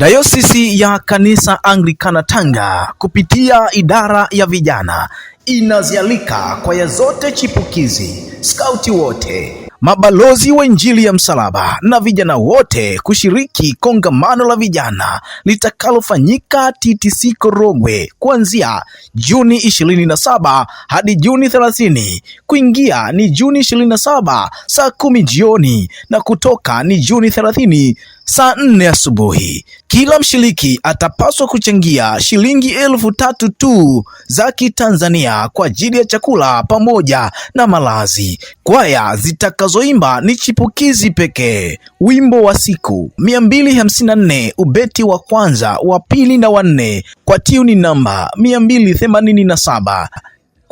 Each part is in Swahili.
Dayosisi ya Kanisa Anglikana Tanga kupitia idara ya vijana inazialika kwaya zote chipukizi, skauti wote, mabalozi wa Injili ya msalaba na vijana wote kushiriki kongamano la vijana litakalofanyika TTC Korogwe kuanzia Juni 27 hadi Juni 30. Kuingia ni Juni 27 saa kumi jioni na kutoka ni Juni 30 saa nne asubuhi. Kila mshiriki atapaswa kuchangia shilingi elfu tatu tu za Kitanzania kwa ajili ya chakula pamoja na malazi. Kwaya zitakazoimba ni chipukizi pekee, wimbo wa siku 254 ubeti wa kwanza, wa pili na wanne kwa tuni namba 287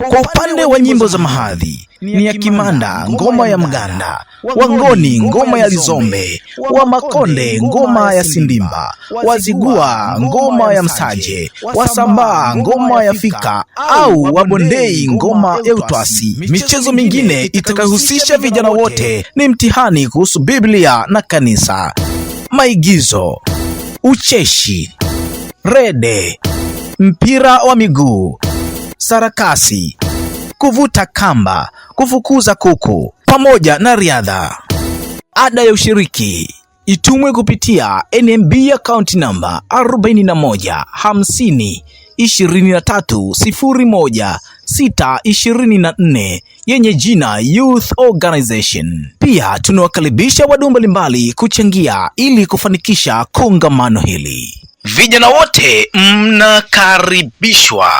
kwa upande wa nyimbo za mahadhi ni ya Kimanda, ngoma ya Mganda, Wangoni, ngoma ya Lizombe, wa Makonde, ngoma ya Sindimba, Wazigua, ngoma ya Msaje, Wasambaa, ngoma ya Fika au Wabondei, ngoma ya Utwasi. Michezo mingine itakayohusisha vijana wote ni mtihani kuhusu Biblia na kanisa, maigizo, ucheshi, rede, mpira wa miguu sarakasi, kuvuta kamba, kufukuza kuku pamoja na riadha. Ada ya ushiriki itumwe kupitia NMB account namba 41 50 23 01 yenye jina Youth Organization. Pia tunawakaribisha wadau mbalimbali kuchangia ili kufanikisha kongamano hili. Vijana wote mnakaribishwa.